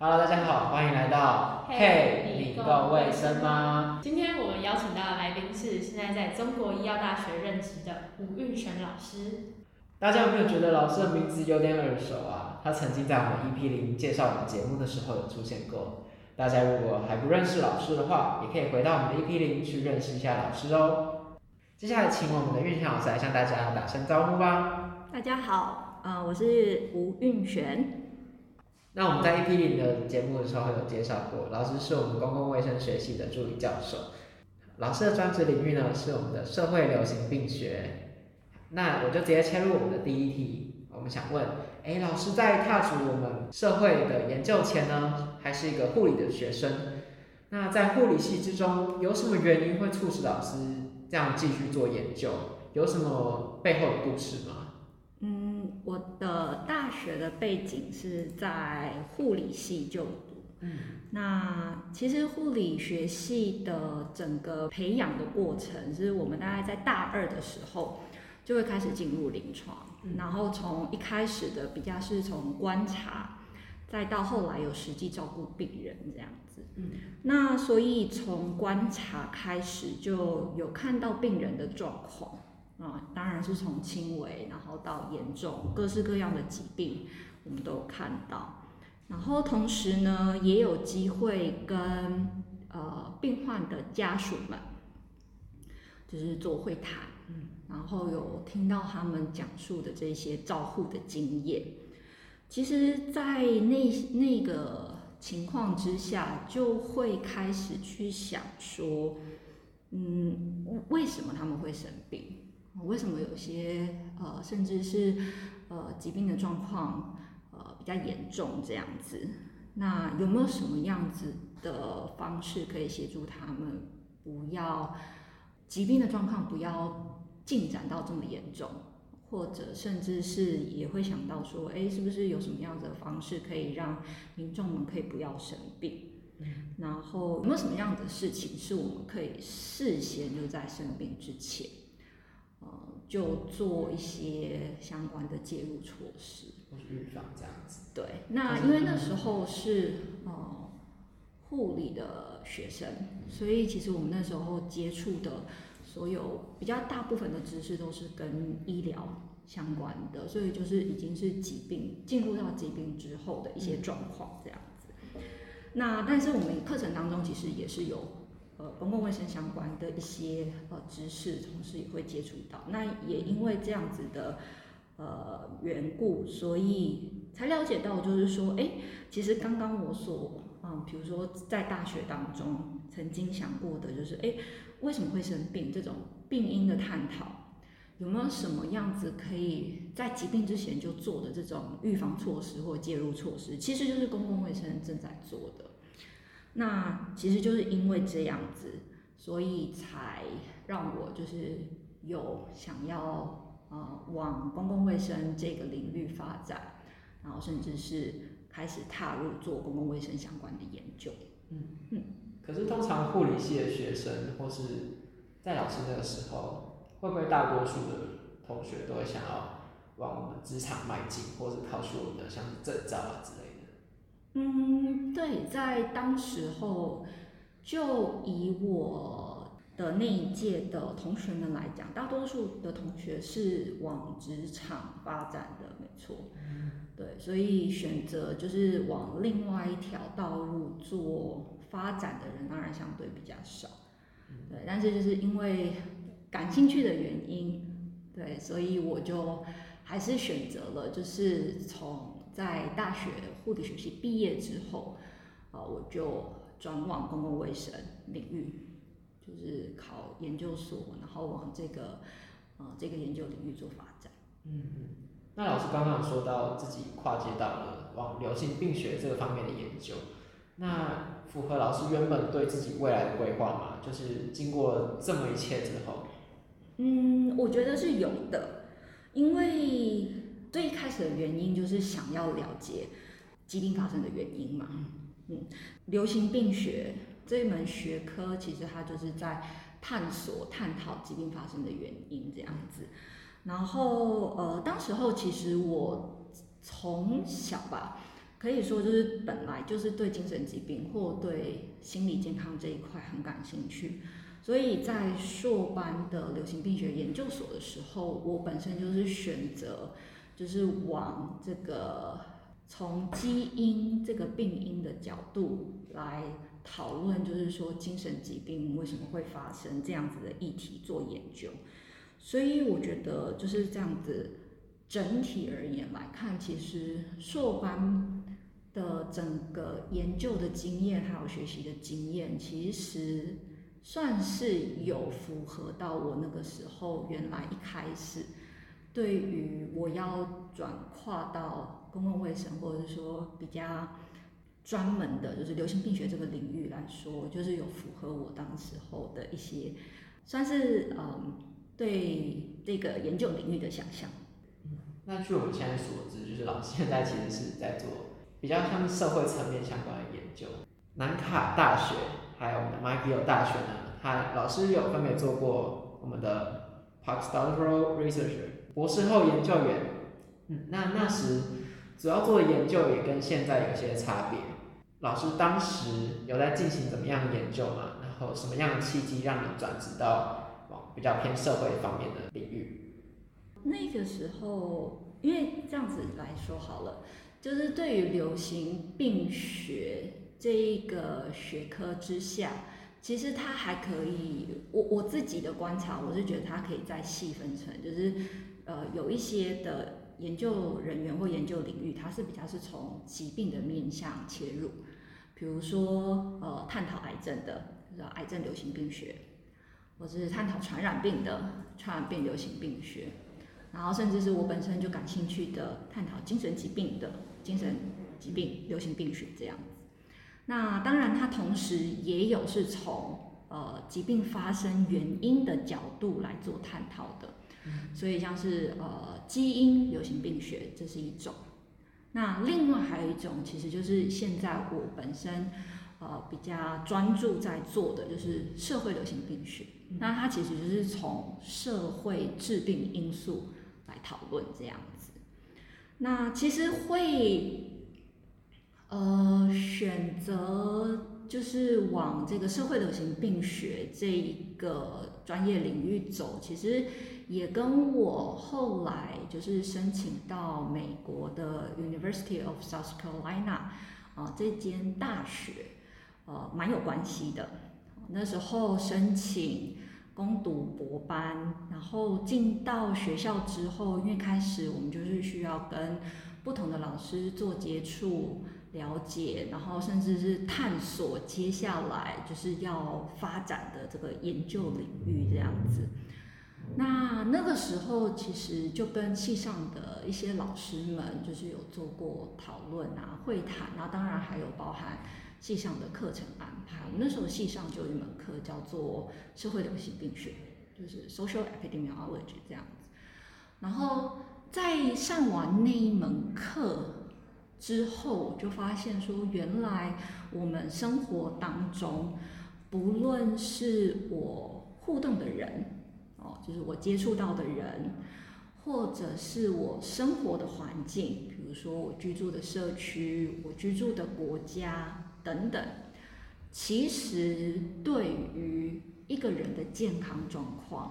Hello，大家好，歡迎來到《Hey，你、hey, 夠衛生嗎》。今天我們邀請到的來賓是現在在中國醫藥大學任職的吳韻璇老師。大家有沒有覺得老師的名字有點耳熟啊？他曾經在我們 EP 零介紹我們節目的時候有出現過。大家如果還不認識老師的話，也可以回到我們的 EP 零去認識一下老師哦。接下來請我們的韻璇老師來向大家打聲招呼吧。大家好，嗯、呃，我是吳韻璇。那我們在 EP0 的節目的時候有介紹過，老師是我們公共衛生學系的助理教授，老師的專職領域呢，是我們的社會流行病學。那我就直接切入我們的第一題，我們想問，哎，老師在踏足我們社會的研究前呢，還是一個護理的學生？那在護理系之中，有什麼原因會促使老師這樣繼續做研究？有什麼背後的故事嗎？我的大學的背景是在護理系就讀，嗯，那其實護理學系的整個培養的過程，就是我們大概在大二的時候就會開始進入臨床，嗯，然後從一開始的比較是從觀察，再到後來有實際照顧病人這樣子，嗯，那所以從觀察開始就有看到病人的狀況。啊、嗯，當然是從輕微然後到嚴重，各式各樣的疾病，我們都看到。然後同時呢，也有機會跟呃病患的家屬們，就是做會談，嗯，然後有聽到他們講述的這些照護的經驗。其實，在那那個情況之下，就會開始去想說，嗯，為什麼他們會生病？為什麼有些呃，甚至是呃疾病的狀況呃比較嚴重這樣子？那有沒有什麼樣子的方式可以協助他們，不要疾病的狀況不要進展到這麼嚴重？或者甚至是也會想到說，哎，是不是有什麼樣子的方式可以讓民眾們可以不要生病？然後有沒有什麼樣子的事情是我們可以事先就在生病之前？就做一些相關的介入措施或是預防這樣子。對，那因為那時候是哦、嗯、護理的學生，所以其實我們那時候接觸的所有比較大部分的知識都是跟醫療相關的，所以就是已經是疾病進入到疾病之後的一些狀況這樣子。那但是我們課程當中其實也是有。呃，公共衛生相關的一些呃知識，同時也會接觸到。那也因為這樣子的呃緣故，所以才了解到，就是說，欸，其實剛剛我所嗯比如說在大學當中曾經想過的，就是欸，為什麼會生病？這種病因的探討，有沒有什麼樣子可以在疾病之前就做的這種預防措施或介入措施？其實就是公共衛生正在做的。那其實就是因為這樣子，所以才讓我就是有想要，呃，往公共衛生這個領域發展，然後甚至是開始踏入做公共衛生相關的研究。嗯嗯。可是通常護理系的學生，或是在老師那個時候，會不會大多數的同學都會想要往我們職場邁進，或是考取我們的像是證照啊之類的？嗯，對，在當時候，就以我的那一屆的同學們來講，大多數的同學是往職場發展的，沒錯。對，所以選擇就是往另外一條道路做發展的人，當然相對比較少。對，但是就是因為感興趣的原因，對，所以我就還是選擇了，就是從。在大學護理學系畢業之後，啊、呃，我就轉往公共衛生領域，就是考研究所，然後往這個，呃、這個研究領域做發展。嗯，那老師剛剛有說到自己跨界到了往流行病學這個方面的研究，那符合老師原本對自己未來的規劃嗎？就是經過這麼一切之後，嗯，我覺得是有的，因為。最開始的原因就是想要了解疾病發生的原因嘛，嗯，流行病學這一門學科其實它就是在探索、探討疾病發生的原因這樣子。然後，呃，當時候其實我從小吧，可以說就是本來就是對精神疾病或對心理健康這一塊很感興趣，所以在碩班的流行病學研究所的時候，我本身就是選擇。就是往這個從基因這個病因的角度來討論，就是說精神疾病為什麼會發生這樣子的議題做研究，所以我覺得就是這樣子。整體而言來看，其實碩班的整個研究的經驗還有學習的經驗，其實算是有符合到我那個時候原來一開始。對於我要轉跨到公共衛生，或者說比較專門的，就是流行病學這個領域來說，就是有符合我當時候的一些，算是嗯對這個研究領域的想象。嗯，那據我們現在所知，就是老師現在其實是在做比較像社會層面相關的研究。南卡大學還有我們的麥克爾大學呢，他老師有分別做過我們的 Postdoctoral Researcher。博士後研究員，嗯，那那時主要做的研究也跟現在有些差別。老師當時有在進行怎麼樣的研究嗎？然後什麼樣的契機讓你轉職到往比較偏社會方面的領域？那個時候，因為這樣子來說好了，就是對於流行病學這一個學科之下，其實它還可以，我我自己的觀察，我是覺得它可以再細分成就是。呃，有一些的研究人員或研究領域，它是比較是從疾病的面向切入，比如說，呃，探討癌症的，就是，癌症流行病學，或是探討傳染病的，傳染病流行病學，然後甚至是我本身就感興趣的，探討精神疾病的精神疾病流行病學這樣子。那當然，它同時也有是從，呃，疾病發生原因的角度來做探討的。所以像是呃，基因流行病學，這是一種，那另外還有一種，其實就是現在我本身呃，比較專注在做的，就是社會流行病學，那它其實就是從社會致病因素來討論這樣子。那其實會呃選擇就是往這個社會流行病學這一個專業領域走，其實。也跟我後來就是申請到美國的 University of South Carolina，啊，這間大學，呃、啊，蠻有關係的。那時候申請攻讀博班，然後進到學校之後，因為開始我們就是需要跟不同的老師做接觸、了解，然後甚至是探索接下來就是要發展的這個研究領域這樣子。那那個時候，其實就跟系上的一些老師們，就是有做過討論啊、會談那、啊、當然還有包含系上的課程安排。我那時候系上就有一門課叫做社會流行病學，就是 Social Epidemiology 這樣子。然後在上完那一門課之後，我就發現說，原來我們生活當中，不論是我互動的人，就是我接觸到的人，或者是我生活的環境，比如說我居住的社區、我居住的國家等等，其實對於一個人的健康狀況，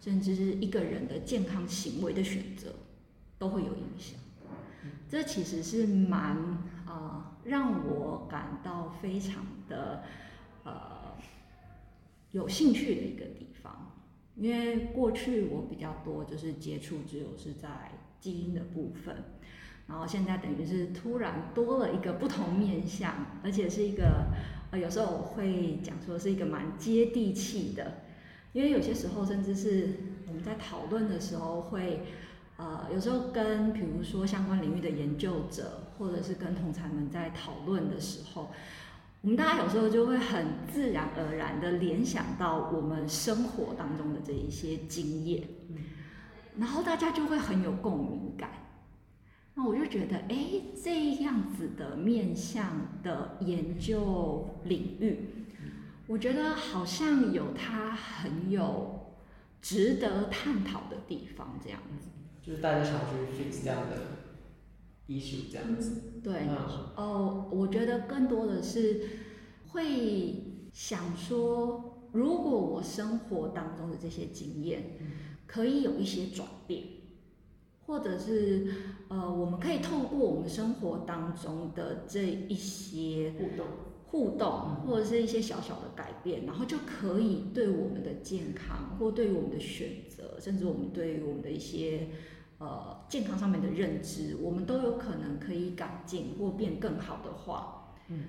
甚至是一個人的健康行為的選擇，都會有影響。這其實是蠻啊、呃，讓我感到非常的、呃、有興趣的一個點。因為過去我比較多就是接觸，只有是在基因的部分，然後現在等於是突然多了一個不同面向，而且是一個呃，有時候我會講說是一個蠻接地氣的，因為有些時候甚至是我們在討論的時候會，呃，有時候跟比如說相關領域的研究者，或者是跟同儕們在討論的時候，我們大家有時候就會很自然而然的聯想到我們生活當中的這一些經驗，然後大家就會很有共鳴感。那我就覺得，哎、欸，這樣子的面向的研究領域，我覺得好像有它很有值得探討的地方，這樣子。就是大家想，就是這樣的。醫術這樣子，嗯、對，哦、嗯、呃，我覺得更多的是會想說，如果我生活當中的這些經驗可以有一些轉變，或者是呃，我們可以透過我們生活當中的這一些互動，互動或者是一些小小的改變，然後就可以對我們的健康，或對於我們的選擇，甚至我們對於我們的一些。呃，健康上面的認知，我們都有可能可以改進或變更好的話，嗯，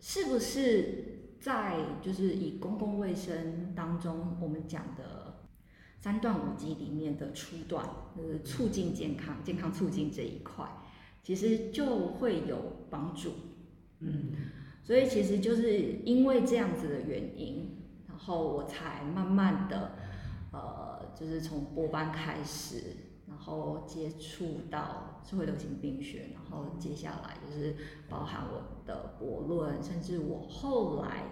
是不是在就是以公共衛生當中我們講的三段五級裡面的初段，就是促進健康、健康促進這一塊，其實就會有幫助，嗯，所以其實就是因為這樣子的原因，然後我才慢慢的，呃，就是從博班開始。然後接觸到社會流行病學，然後接下來就是包含我的博論，甚至我後來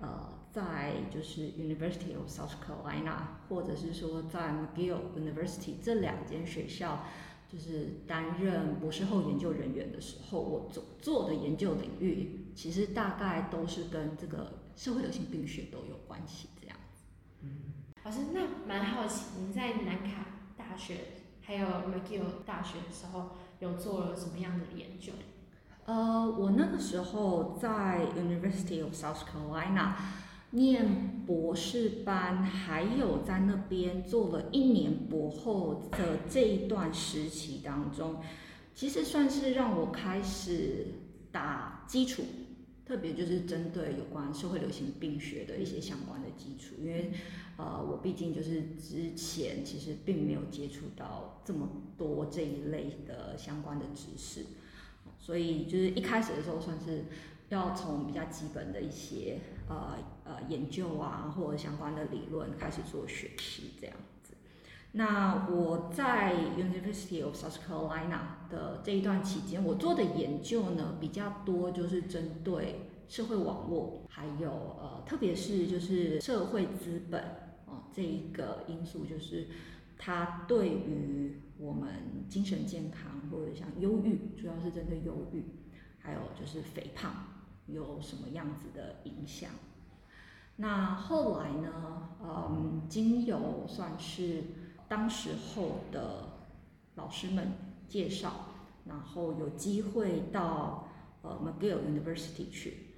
呃在就是 University of South Carolina，或者是說在 McGill University 這兩間學校，就是擔任博士後研究人員的時候，我做做的研究領域其實大概都是跟這個社會流行病學都有關係這樣子。嗯，老師，那蠻好奇，您在南卡大學。還有 McGill 大學的時候，有做了什麼樣的研究？呃，我那個時候在 University of South Carolina 唸博士班，還有在那邊做了一年博後的這一段時期當中，其實算是讓我開始打基礎，特別就是針對有關社會流行病學的一些相關的基礎，因為，呃，我畢竟就是之前其實並沒有接觸到這麼多這一類的相關的知識，所以就是一開始的時候，算是要從比較基本的一些呃呃研究啊，或者相關的理論開始做學習這樣子。那我在 University of South Carolina 的這一段期間，我做的研究呢比較多，就是針對社會網絡，還有呃，特別是就是社會資本。哦，這一個因素就是它對於我們精神健康，或者像憂鬱，主要是針對憂鬱，還有就是肥胖，有什麼樣子的影響？那後來呢？嗯，經由算是當時候的老師們介紹，然後有機會到呃 McGill University 去。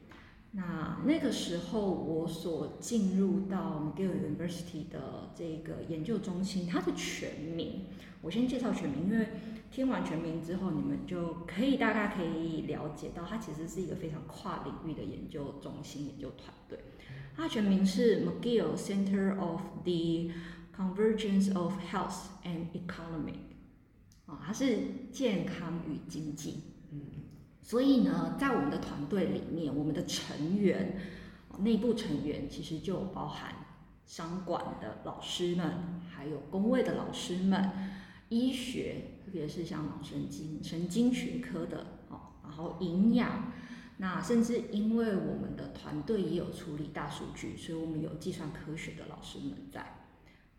那那個時候，我所進入到 McGill University 的這個研究中心，它的全名，我先介紹全名，因為聽完全名之後，你們就可以大概可以了解到，它其實是一個非常跨領域的研究中心研究團隊。它的全名是 McGill Center of the Convergence of Health and Economy，啊、哦，它是健康與經濟。所以呢，在我們的團隊裡面，我們的成員，內部成員其實就包含商管的老師們，還有公衛的老師們，醫學，特別是像腦神經神經學科的，哦，然後營養，那甚至因為我們的團隊也有處理大數據，所以我們有計算科學的老師們在。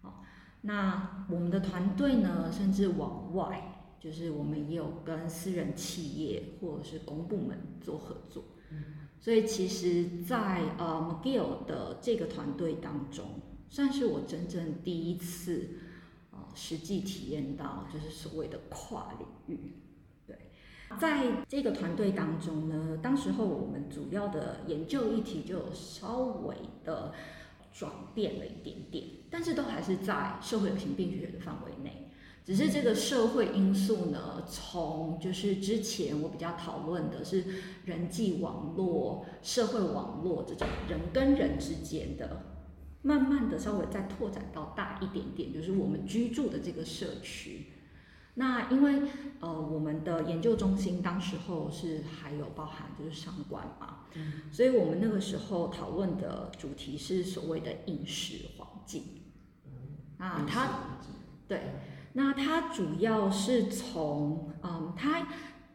好、哦，那我們的團隊呢，甚至往外。就是我們也有跟私人企業或者是公部門做合作，所以其實，在呃 McGill 的這個團隊當中，算是我真正第一次實際體驗到，就是所謂的跨領域。對，在這個團隊當中呢，當時候我們主要的研究議題就稍微的轉變了一點點，但是都還是在社會流行病學的範圍內。只是這個社會因素呢，從就是之前我比較討論的是人際網絡、社會網絡這種人跟人之間的，慢慢的稍微再拓展到大一點點，就是我們居住的這個社區。那因為呃我們的研究中心當時候是還有包含就是商管嘛，所以我們那個時候討論的主題是所謂的飲食環境，嗯、環境那它對。那它主要是從，嗯，它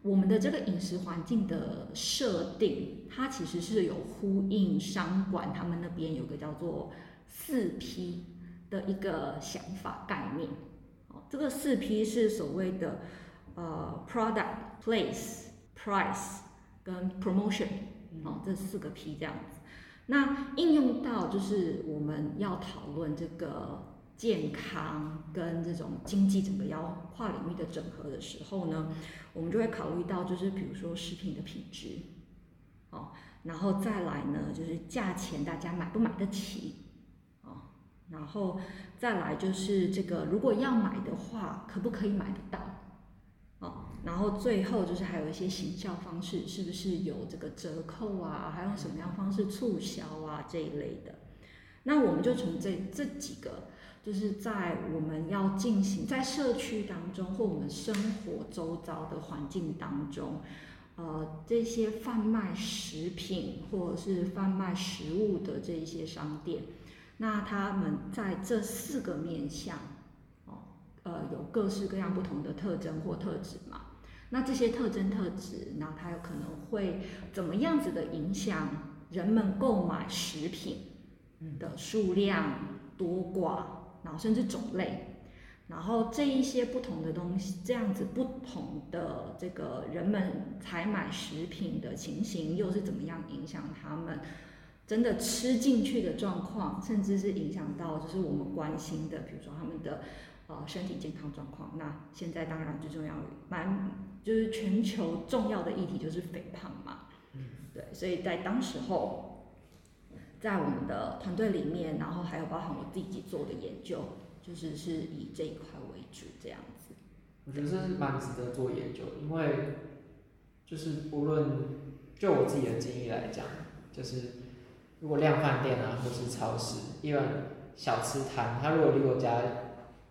我們的這個飲食環境的設定，它其實是有呼應商管他們那邊有個叫做四 P 的一個想法概念，哦，這個四 P 是所謂的，呃，product、place、price 跟 promotion，嗯，哦，這四個 P 這樣子，那應用到就是我們要討論這個健康跟這種經濟整個要跨領域的整合的時候呢，我們就會考慮到，就是比如說食品的品質，哦，然後再來呢，就是價錢大家買不買得起，哦，然後再來就是這個如果要買的話，可不可以買得到，哦，然後最後就是還有一些行銷方式，是不是有這個折扣啊，還用什麼樣方式促銷啊這一類的，那我們就從這這幾個。就是在我們要進行在社區當中，或我們生活周遭的環境當中，呃，這些販賣食品或者是販賣食物的這些商店，那他們在這四個面向，哦，呃，有各式各樣不同的特徵或特質嘛，那這些特徵特質，那它有可能會怎麼樣子的影響人們購買食品的數量多寡，甚至種類，然後這一些不同的東西，這樣子不同的這個人們採買食品的情形，又是怎麼樣影響他們真的吃進去的狀況，甚至是影響到就是我們關心的，比如說他們的呃身體健康狀況。那現在當然最重要，蠻就是全球重要的議題就是肥胖嘛。嗯，對，所以在當時候。在我們的團隊裡面，然後還有包含我自己做的研究，就是是以這一塊為主這樣子。我覺得這是蠻值得做研究，因為就是無論就我自己的經歷來講，就是如果量販店啊、或是超市，一般小吃攤，它如果離我家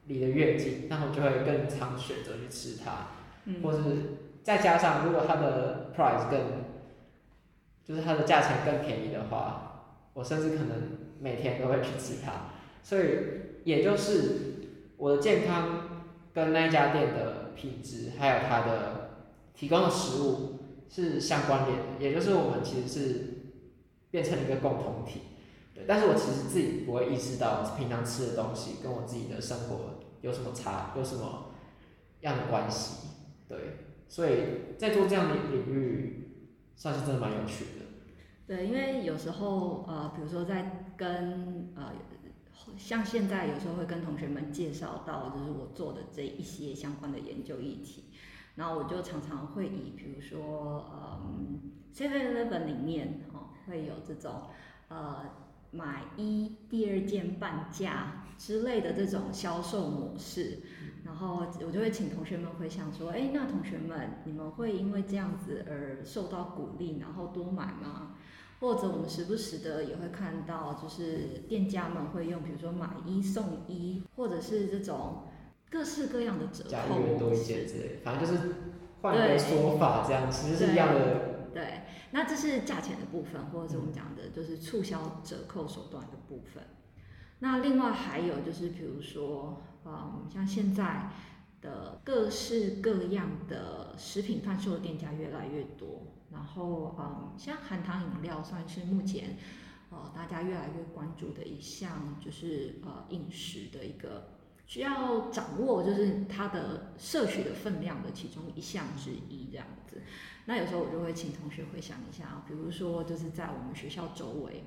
離得越近，那我就會更常選擇去吃它。嗯，或是再加上如果它的 price 更，就是它的價錢更便宜的話。我甚至可能每天都會去吃它，所以也就是我的健康跟那一家店的品質，還有它的提供的食物是相關聯的，也就是我們其實是變成了一個共同體，對。但是我其實自己不會意識到，平常吃的東西跟我自己的生活有什麼差，有什麼樣的關係，對。所以在做這樣的領域，算是真的蠻有趣的。對，因為有時候，呃，比如說在跟呃，像現在有時候會跟同學們介紹到，就是我做的這一些相關的研究議題，然後我就常常會以比如說，嗯，seven eleven 裡面哦，會有這種呃買一第二件半價之類的這種銷售模式，然後我就會請同學們回想說，哎，那同學們你們會因為這樣子而受到鼓勵，然後多買嗎？或者我們時不時的也會看到，就是店家們會用，比如說買一送一，或者是這種各式各樣的折扣，家裡多一些之類，反正就是換個說法這樣子，其實是一樣的對。對，那這是價錢的部分，或者是我們講的就是促銷折扣手段的部分。嗯，那另外還有就是，比如說，嗯，像現在的各式各樣的食品販售的店家越來越多。然後，嗯，像含糖飲料算是目前，呃，大家越來越關注的一項，就是呃，飲食的一個需要掌握，就是它的攝取的分量的其中一項之一這樣子。那有時候我就會請同學回想一下，比如說就是在我們學校周圍，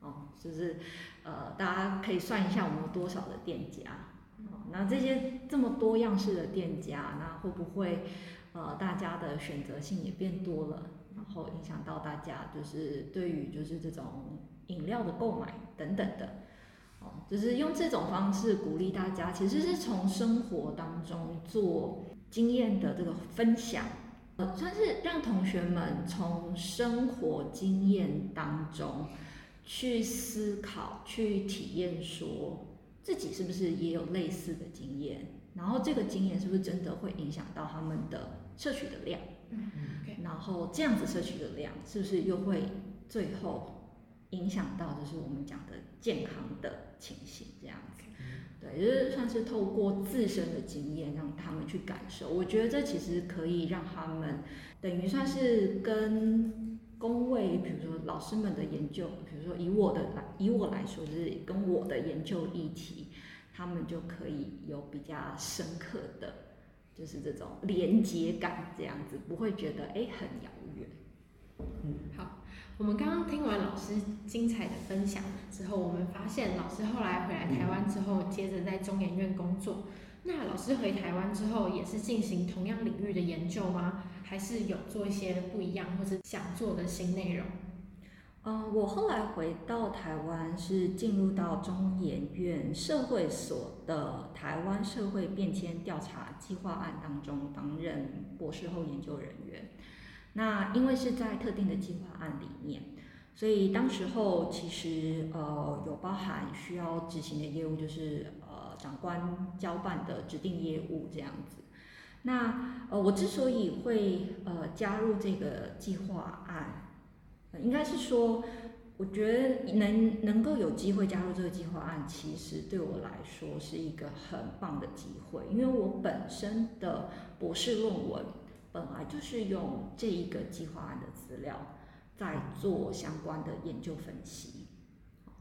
哦、呃，就是呃，大家可以算一下我們有多少的店家。呃、那這些這麼多樣式的店家，那會不會呃，大家的選擇性也變多了？然後影響到大家，就是對於就是這種飲料的購買等等的，哦，就是用這種方式鼓勵大家，其實是從生活當中做經驗的這個分享，算是讓同學們從生活經驗當中去思考、去體驗說，自己是不是也有類似的經驗？然後這個經驗是不是真的會影響到他們的攝取的量？嗯 okay. 然後這樣子攝取的量是不是又會最後影響到就是我們講的健康的情形？這樣子，okay. 對，就是算是透過自身的經驗讓他們去感受。我覺得這其實可以讓他們等於算是跟。工位，比如說老師們的研究，比如說以我的來，以我來說，就是跟我的研究議題，他們就可以有比較深刻的就是這種連接感，這樣子不會覺得誒很遙遠。嗯，好，我們剛剛聽完老師精彩的分享之後，我們發現老師後來回來台灣之後，接着在中研院工作。那老師回台灣之後，也是進行同樣領域的研究嗎？還是有做一些不一樣或者想做的新內容？嗯、呃，我後來回到台灣，是進入到中研院社會所的台灣社會變遷調查計劃案當中，擔任博士後研究人員。那因為是在特定的計劃案裡面。所以當時候其實呃有包含需要執行的業務，就是呃長官交辦的指定業務這樣子。那呃我之所以會呃加入這個計劃案，呃，應該是說我覺得能能夠有機會加入這個計劃案，其實對我來說是一個很棒的機會，因為我本身的博士論文本來就是用這一個計劃案的資料。在做相關的研究分析，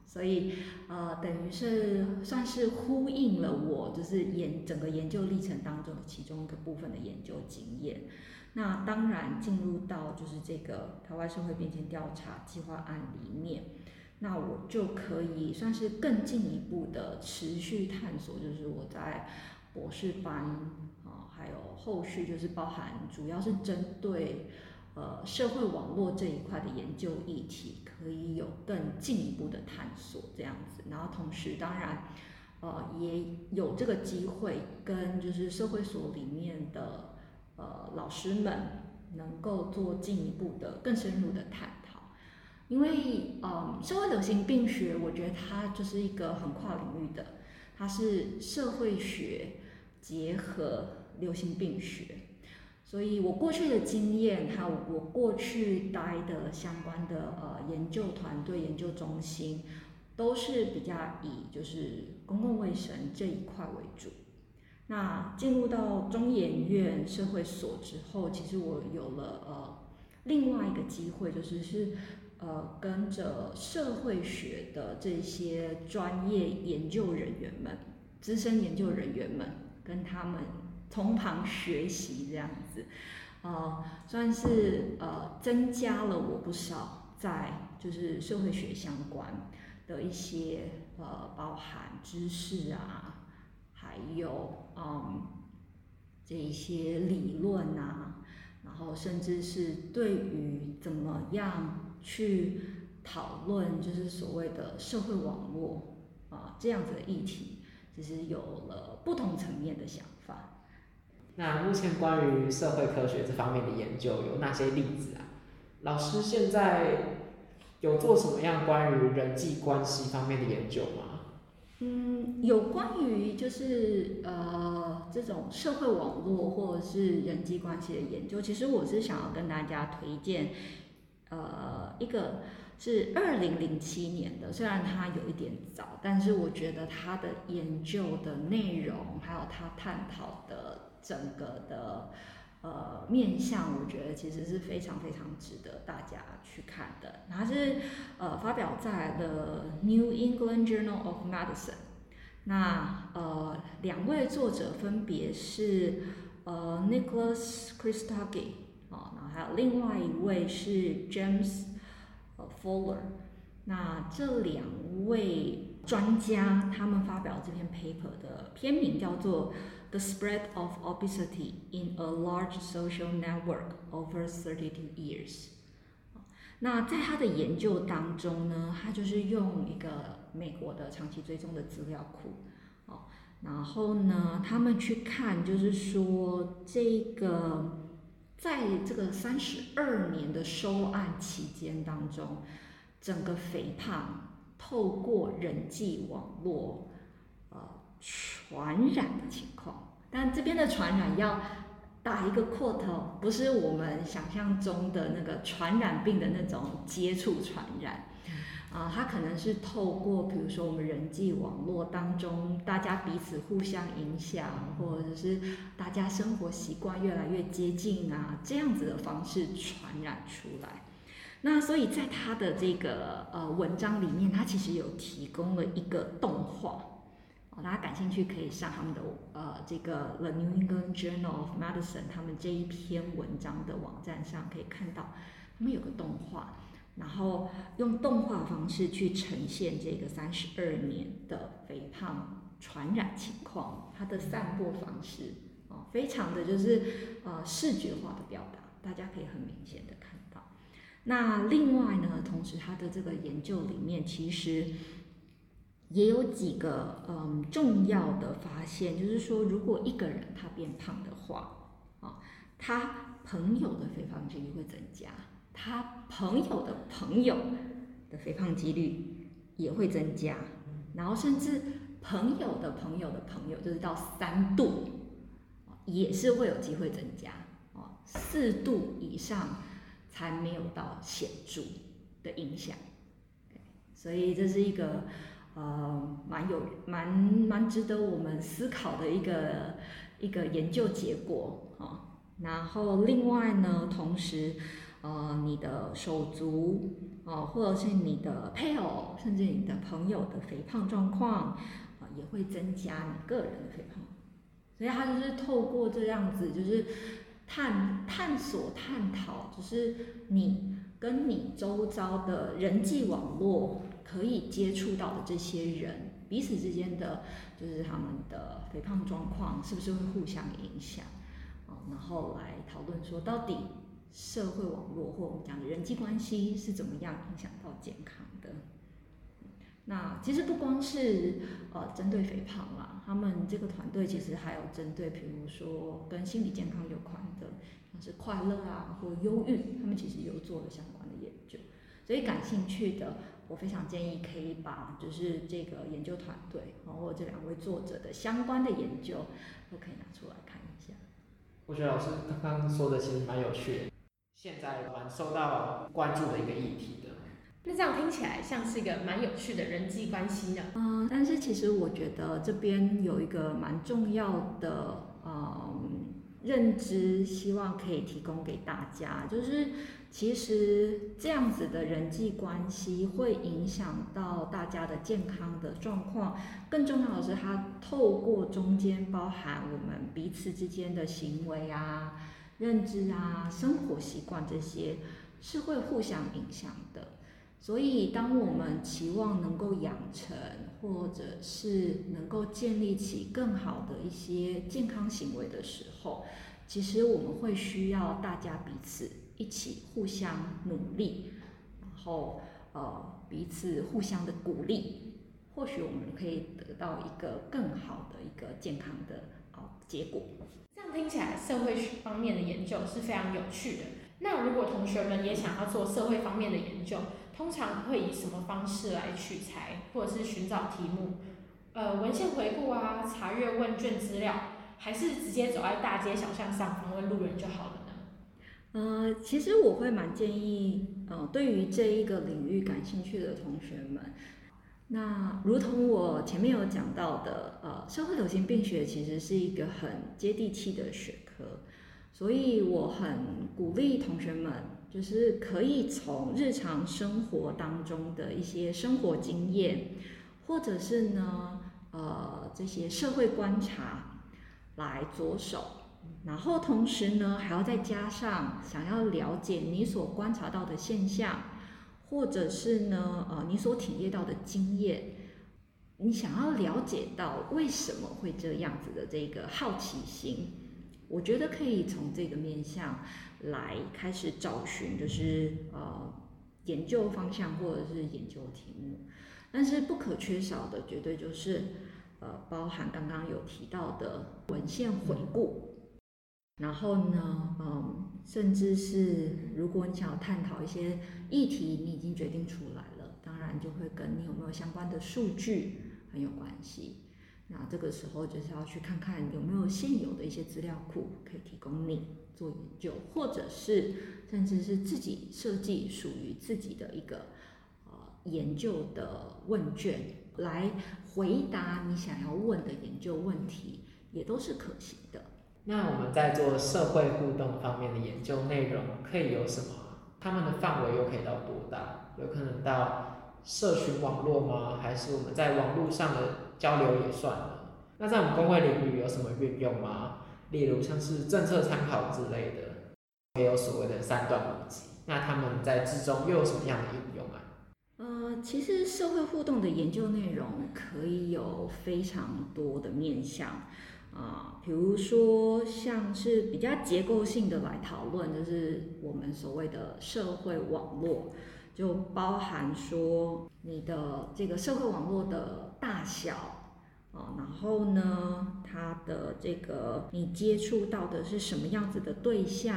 所以呃，等於是算是呼應了我就是研整個研究歷程當中的其中一個部分的研究經驗。那當然進入到就是這個台灣社會變遷調查計劃案裡面，那我就可以算是更進一步的持續探索，就是我在博士班啊、呃，還有後續就是包含主要是針對。呃，社會網絡這一塊的研究議題可以有更進一步的探索，這樣子。然後同時，當然，呃，也有這個機會跟就是社會所裡面的呃老師們能夠做進一步的更深入的探討。因為，呃，社會流行病學，我覺得它就是一個很跨領域的，它是社會學結合流行病學。所以我過去的經驗，還有我過去待的相關的呃研究團隊、研究中心，都是比較以就是公共衛生這一塊為主。那進入到中研院社會所之後，其實我有了呃另外一個機會，就是是呃跟着社會學的這些專業研究人員們、資深研究人員們，跟他們，同旁學習這樣子，呃，算是呃增加了我不少在就是社會學相關的一些呃包含知識啊，還有嗯，呃，這一些理論啊，然後甚至是對於怎麼樣去討論就是所謂的社會網絡啊，呃，這樣子的議題，其實有了不同層面的想法。那目前關於社會科學這方面的研究有哪些例子啊？老師現在有做什麼樣關於人際關係方面的研究嗎？嗯，有關於就是呃這種社會網絡或者是人際關係的研究，其實我是想要跟大家推薦呃一個是二零零七年的，雖然它有一點早，但是我覺得它的研究的內容還有它探討的。整個的呃面向，我覺得其實是非常非常值得大家去看的。它是呃發表在了《New England Journal of Medicine》。那呃兩位作者分別是呃 Nicholas Christakis，哦啊，然後還有另外一位是 James 呃 Fowler。那這兩位專家他們發表這篇 paper 的篇名叫做。The spread of obesity in a large social network over 32 years。那在他的研究當中呢，他就是用一個美國的長期追蹤的資料庫，哦，然後呢，他們去看，就是說這個在這個三十二年的收案期間當中，整個肥胖透過人際網絡。傳染的情況，但這邊的傳染要打一個括號，不是我們想象中的那個傳染病的那種接觸傳染，啊、呃，它可能是透過比如說我們人際網絡當中大家彼此互相影響，或者是大家生活習慣越來越接近啊，這樣子的方式傳染出來。那所以在他的這個呃文章裡面，他其實有提供了一個動畫。大家感興趣，可以上他們的呃，這個《The New England Journal of Medicine》他們這一篇文章的網站上可以看到，他們有個動畫，然後用動畫方式去呈現這個三十二年的肥胖傳染情況，它的散布方式哦、呃，非常的就是呃視覺化的表達，大家可以很明顯的看到。那另外呢，同時他的這個研究裡面其實。也有幾個嗯重要的發現，就是說，如果一個人他變胖的話，啊，他朋友的肥胖幾率會增加，他朋友的朋友的肥胖幾率也會增加，然後甚至朋友的朋友的朋友，就是到三度，也是會有機會增加，哦，四度以上才沒有到顯著的影響，所以這是一個。呃，蠻有蠻蠻值得我們思考的一個一個研究結果啊、哦。然後另外呢，同時，呃，你的手足哦，或者是你的配偶，甚至你的朋友的肥胖狀況啊、哦，也會增加你個人的肥胖。所以他就是透過這樣子，就是探探索、探討，就是你跟你周遭的人際網絡。可以接觸到的這些人彼此之間的，就是他們的肥胖狀況是不是會互相影響？哦，然後來討論說，到底社會網絡或我們講的人際關係是怎麼樣影響到健康的？那其實不光是呃針對肥胖啦，他們這個團隊其實還有針對，比如說跟心理健康有關的，像是快樂啊或憂鬱，他們其實有做了相關的研究。所以感興趣的。我非常建議可以把就是這個研究團隊，然後這兩位作者的相關的研究都可以拿出來看一下。我覺得老師剛剛說的其實蠻有趣的，現在蠻受到關注的一個議題的。那這樣聽起來像是一個蠻有趣的人際關係的。嗯，但是其實我覺得這邊有一個蠻重要的，嗯認知希望可以提供給大家，就是其實這樣子的人際關係會影響到大家的健康的狀況。更重要的是，它透過中間包含我們彼此之間的行為啊、認知啊、生活習慣這些，是會互相影響的。所以，當我們期望能夠養成，或者是能夠建立起更好的一些健康行為的時候，其實我們會需要大家彼此一起互相努力，然後呃彼此互相的鼓勵，或許我們可以得到一個更好的一個健康的啊、呃、結果。聽起來社會方面的研究是非常有趣的。那如果同學們也想要做社會方面的研究，通常會以什麼方式來取材，或者是尋找題目？呃，文獻回顧啊，查閱問卷資料，還是直接走在大街小巷上訪問路人就好了呢？嗯、呃，其實我會蠻建議，嗯、呃，對於這一個領域感興趣的同學們。那如同我前面有講到的，呃，社會流行病學其實是一個很接地氣的學科，所以我很鼓勵同學們，就是可以從日常生活當中的一些生活經驗，或者是呢，呃，這些社會觀察來着手，然後同時呢，還要再加上想要了解你所觀察到的現象。或者是呢，呃，你所體驗到的經驗，你想要了解到為什麼會這樣子的這個好奇心，我覺得可以從這個面向來開始找尋，就是呃研究方向或者是研究題目。但是不可缺少的絕對就是呃包含剛剛有提到的文獻回顧。然後呢，嗯，甚至是如果你想要探討一些議題，你已經決定出來了，當然就會跟你有沒有相關的數據很有關係。那這個時候就是要去看看有沒有現有的一些資料庫可以提供你做研究，或者是甚至是自己設計屬於自己的一個呃研究的問卷來回答你想要問的研究問題，也都是可行的。那我們在做社會互動方面的研究內容可以有什麼？他們的範圍又可以到多大？有可能到社群網絡嗎？還是我們在網絡上的交流也算呢？那在我們公衛領域有什麼運用嗎？例如像是政策參考之類的，還有所謂的三段五級。那他們在之中又有什麼樣的應用啊？呃，其實社會互動的研究內容可以有非常多的面向。啊，比如說像是比較結構性的來討論，就是我們所謂的社會網絡，就包含說你的這個社會網絡的大小啊，然後呢，它的這個你接觸到的是什麼樣子的對象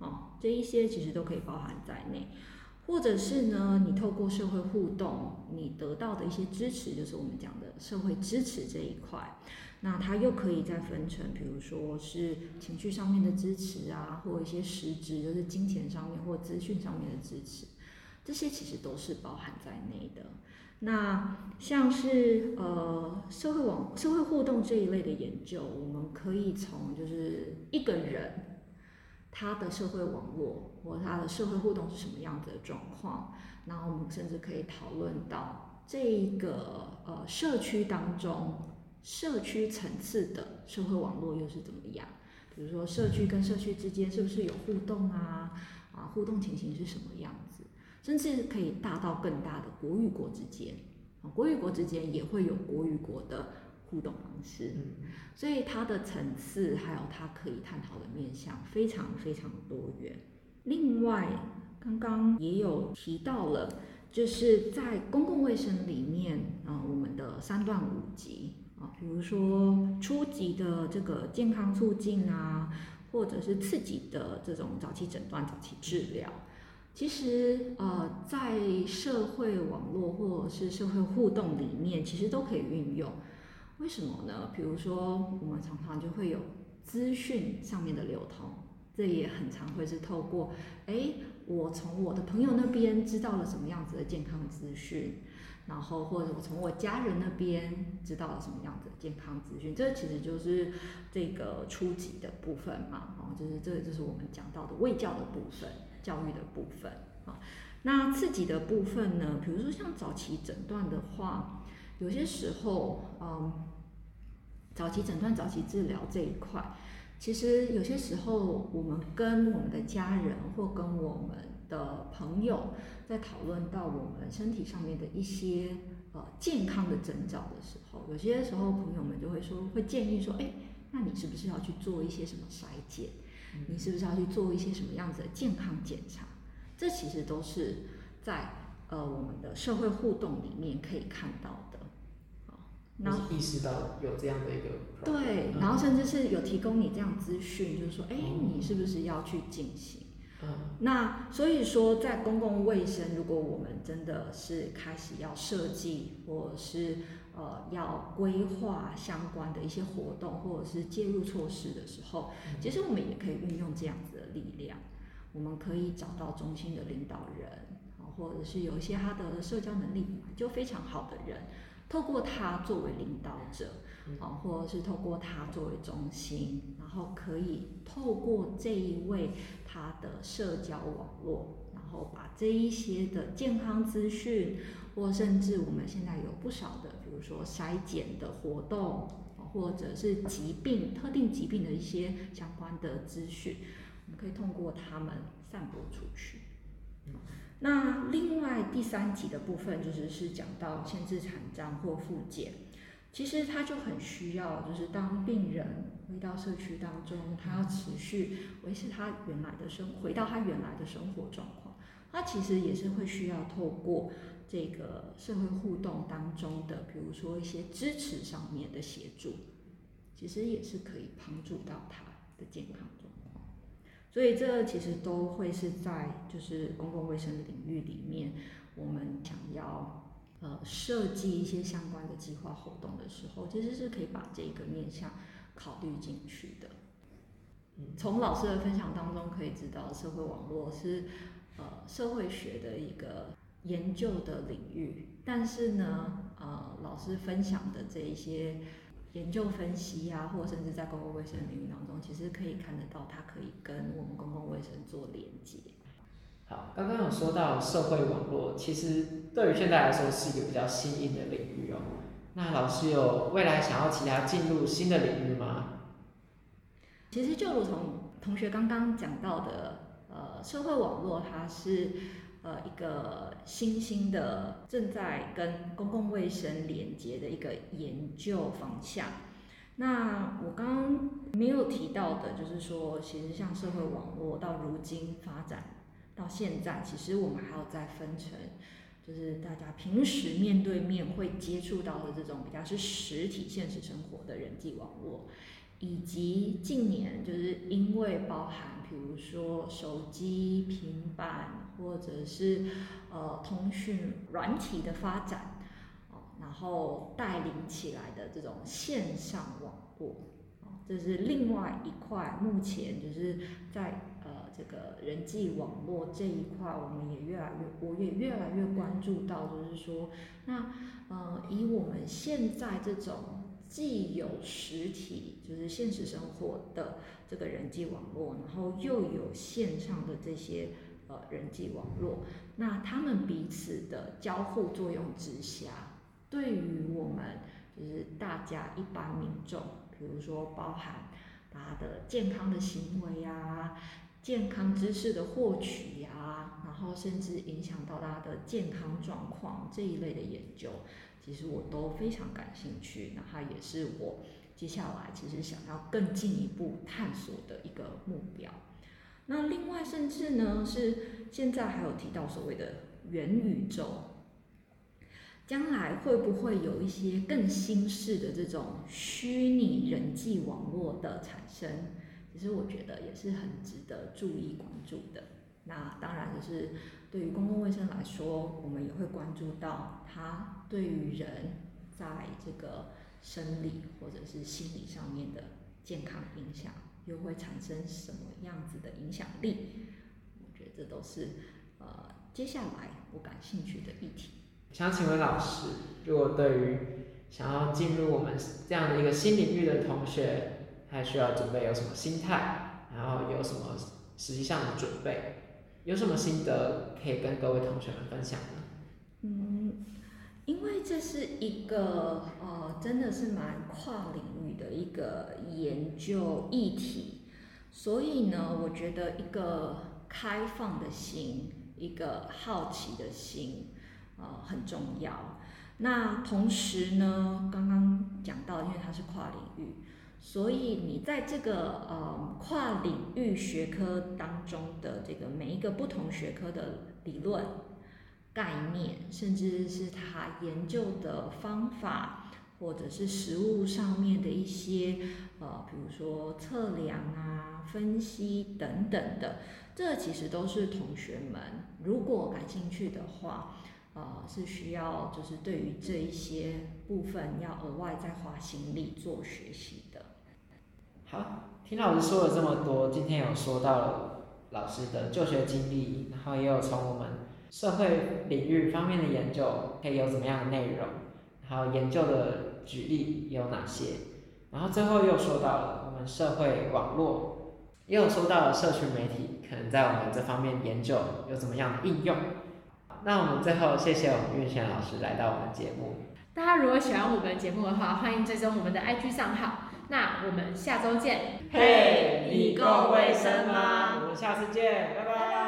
啊，這一些其實都可以包含在內，或者是呢，你透過社會互動你得到的一些支持，就是我們講的社會支持這一塊。那它又可以再分成，比如說是情緒上面的支持啊，或一些實質，就是金錢上面或資訊上面的支持，這些其實都是包含在內的。那像是呃社會網、社會互動這一類的研究，我們可以從就是一個人他的社會網絡或他的社會互動是什麼樣子的狀況，然後我們甚至可以討論到這一個呃社區當中。社區層次的社會網絡又是怎麼樣？比如說，社區跟社區之間是不是有互動啊？啊，互動情形是什麼樣子？甚至可以大到更大的國與國之間，國與國之間也會有國與國的互動方式。嗯，所以它的層次還有它可以探討的面向非常非常多元。另外，剛剛也有提到了，就是在公共衛生裡面啊，嗯，我們的三段五級。比如說初級的這個健康促進啊，或者是次級的這種早期診斷、早期治療，其實呃在社會網絡或者是社會互動裡面，其實都可以運用。為什麼呢？比如說我們常常就會有資訊上面的流通，這也很常會是透過，哎，我從我的朋友那邊知道了什麼樣子的健康資訊。然後或者我從我家人那邊知道了什麼樣子的健康資訊，這其實就是這個初級的部分嘛，然後就是這個就是我們講到的衛教的部分，教育的部分啊。那次級的部分呢，比如說像早期診斷的話，有些時候，嗯，早期診斷、早期治療這一塊，其實有些時候我們跟我們的家人或跟我們的朋友在討論到我們身體上面的一些呃健康的徵兆的時候，有些時候朋友們就會說，會建議說，哎、欸，那你是不是要去做一些什麼篩檢、嗯？你是不是要去做一些什麼樣子的健康檢查？這其實都是在呃我們的社會互動裡面可以看到的。啊、嗯，然後意識到有這樣的一個對，然後甚至是有提供你這樣的資訊，就是說，哎、欸，你是不是要去進行？嗯， 那所以說，在公共衛生，如果我們真的是開始要設計，或者是呃要規劃相關的一些活動，或者是介入措施的時候，其實我們也可以運用這樣子的力量。我們可以找到中心的領導人，或者是有一些他的社交能力就非常好的人，透過他作為領導者。哦，或者是透過它，作為中心，然後可以透過這一位他的社交網絡，然後把這一些的健康資訊，或甚至我們現在有不少的，比如說篩檢的活動，或者是疾病特定疾病的一些相關的資訊，我們可以通過他們散播出去。嗯。那另外第三集的部分就是是講到簽字產章或複檢。其實他就很需要，就是當病人回到社區當中，他要持續維持他原來的生，回到他原來的生活狀況，他其實也是會需要透過這個社會互動當中的，比如說一些支持上面的協助，其實也是可以幫助到他的健康狀況。所以這其實都會是在就是公共衛生領域裡面，我們想要。呃，設計一些相關的計劃活動的時候，其實是可以把這個面向考慮進去的。從老師的分享當中可以知道，社會網絡是呃，社會學的一個研究的領域。但是呢，呃，老師分享的這一些研究分析啊，或甚至在公共衛生領域當中，其實可以看得到，它可以跟我們公共衛生做連接。剛剛有說到社會網絡，其實對於現在來說是一個比較新穎的領域哦。那老師有未來想要其他進入新的領域嗎？其實就如同同學剛剛講到的，呃，社會網絡它是呃一個新興的，正在跟公共衛生連接的一個研究方向。那我剛剛沒有提到的，就是說，其實像社會網絡到如今發展。到現在，其實我們還要再分成，就是大家平時面對面會接觸到的這種比較是實體現實生活的人際網絡，以及近年就是因為包含比如說手機、平板或者是呃通訊軟體的發展，哦，然後帶領起來的這種線上網絡，哦，這是另外一塊。目前就是在。這個人際網絡這一塊，我們也越來越，我也越來越關注到，就是說，那，呃，以我們現在這種既有實體，就是現實生活的這個人際網絡，然後又有線上的這些呃人際網絡，那他們彼此的交互作用之下，對於我們，就是大家一般民眾，比如說包含他的健康的行為啊。健康知識的獲取呀、啊，然後甚至影響到他的健康狀況這一類的研究，其實我都非常感興趣。然後也是我接下來其實想要更進一步探索的一個目標。那另外，甚至呢，是現在還有提到所謂的元宇宙，將來會不會有一些更新式的這種虛擬人際網絡的產生？其實我覺得也是很值得注意關注的。那當然就是對於公共衛生來說，我們也會關注到它對於人在這個生理或者是心理上面的健康影響，又會產生什麼樣子的影響力。我覺得這都是呃接下來我感興趣的議題。想請問老師，如果對於想要進入我們這樣的一個新領域的同學，還需要準備有什麼心態？然後有什麼實際上的準備？有什麼心得可以跟各位同學們分享呢？嗯，因為這是一個呃，真的是蠻跨領域的一個研究議題，所以呢，我覺得一個開放的心，一個好奇的心啊，呃，很重要。那同時呢，剛剛講到，因為它是跨領域。所以你在這個呃、嗯、跨領域學科當中的這個每一個不同學科的理論概念，甚至是他研究的方法，或者是實務上面的一些呃，比如說測量啊、分析等等的，這其實都是同學們如果感興趣的話，呃，是需要就是對於這一些部分要額外再花心力做學習的。好，聽老師說了這麼多，今天有說到了老師的就學經歷，然後也有從我們社會領域方面的研究，可以有怎麼樣的內容，然後研究的舉例有哪些，然後最後又說到了我們社會網絡，又說到了社群媒體，可能在我們這方面研究有怎麼樣的應用。那我們最後謝謝我們韻璇老師來到我們節目，大家如果喜歡我們的節目的話，歡迎追蹤我們的 IG 賬號。那我們下周見。嘿，hey，你夠衛生嗎？ 我們下次見，拜拜。